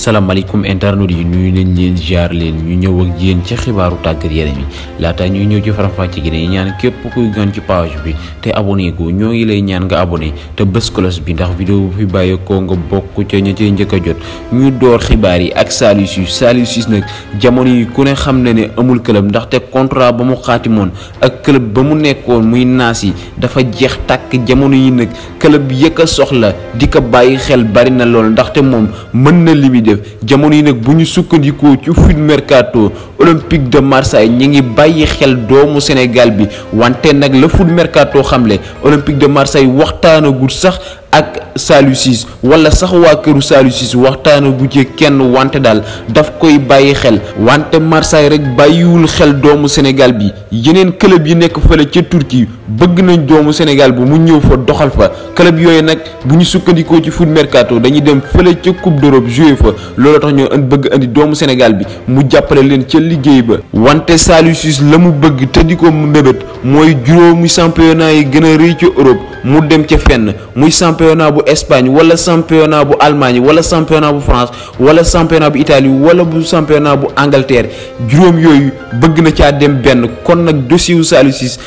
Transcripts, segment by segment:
salaamaaleykum internautes yi nuyu nañ leen jaar leen ñu ñëw ak yéen ci xibaaru tàggat yaram yi laata ñuy ñëw ci faram-fàcce gi dañuy ñaan képp kuy gën ci page bi te abonné ko ñoo ngi lay ñaan nga abonné te bés cloche bi ndax vidéo bu fi bàyyeekoo nga bokk ca ña cay njëkk jot ñu door xibaar yi ak Saliou Ciss Saliou Ciss nag jamono yi ku ne xam ne ne amul club ndaxte contrat ba mu xaatimoon ak club ba mu nekkoon muy naas yi dafa jeex tàkk jamono yi nag club yëkk a soxla di ko bàyyi xel bari na lool ndaxte moom def jamono yi nag bu ñu sukkandiku ci foot mercato olympique de Marseille ñi ngi bàyyi xel doomu Sénégal bi wante nag la foot mercato xamle olympique de Marseille waxtaanagul sax ak Saliou Ciss wala sax waa këru Saliou Ciss waxtaana bu ci kenn wante daal daf koy bàyyi xel wante Marseille rek bàyyiwul xel doomu Sénégal bi yeneen club yi nekk fële ca Turquie bëgg nañ doomu Sénégal bi mu ñëw fa doxal fa club yooyu nag bu ñu sukkandikoo ci foot mercato dañuy dem fële ca coupe d'Europe joué fa loolu tax ñoo bëgg andi doomu Sénégal bi mu jàppale leen ca liggéey ba wante Saliou la mu bëgg te di ko mébét mooy juróomi championnat yi gën a rëy ca Europe mu dem ca fenn muy championnat bu Espagne wala championnat bu Allemagne wala championnat bu France wala championnat bu Italie wala bu championnat bu Angleterre juróom yooyu bëgg na caa dem benn kon nag dossier wu Saliou Ciss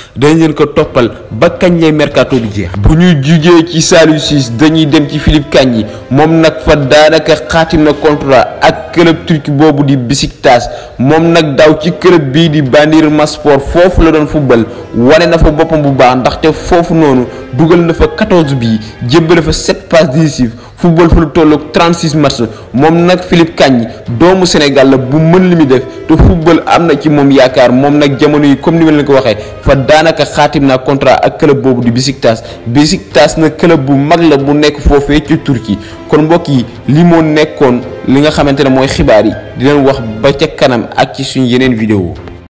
ko toppal ba kañ lay mercato bi jeex. bu ñu jugee ci Saliou Ciss dañuy dem ci Philippe yi moom nag fa daanaka xaatim na contrat ak. club turc boobu di Besiktas moom nag daaw ci club bii di Bandirmaspor foofu la doon football wane na fa boppam bu baax ndaxte foofu noonu dugal na fa 14 bii jébbale fa 7 passes décisives football fu lu tolloog 36 match moom nag Philippe Kandji doomu Sénégal la bu mën li muy def te football am na ci moom yaakaar moom nag jamono yi comme ni ma leen ko waxee fa daanaka xaatim naa contrat ak club boobu di Besiktas Besiktas na club bu mag la bu nekk foofee ci Turquie kon mbokk yi lii moo nekkoon li nga xamante ne mooy xibaar yi di wax ba ca kanam ak ci suñu yeneen vidéo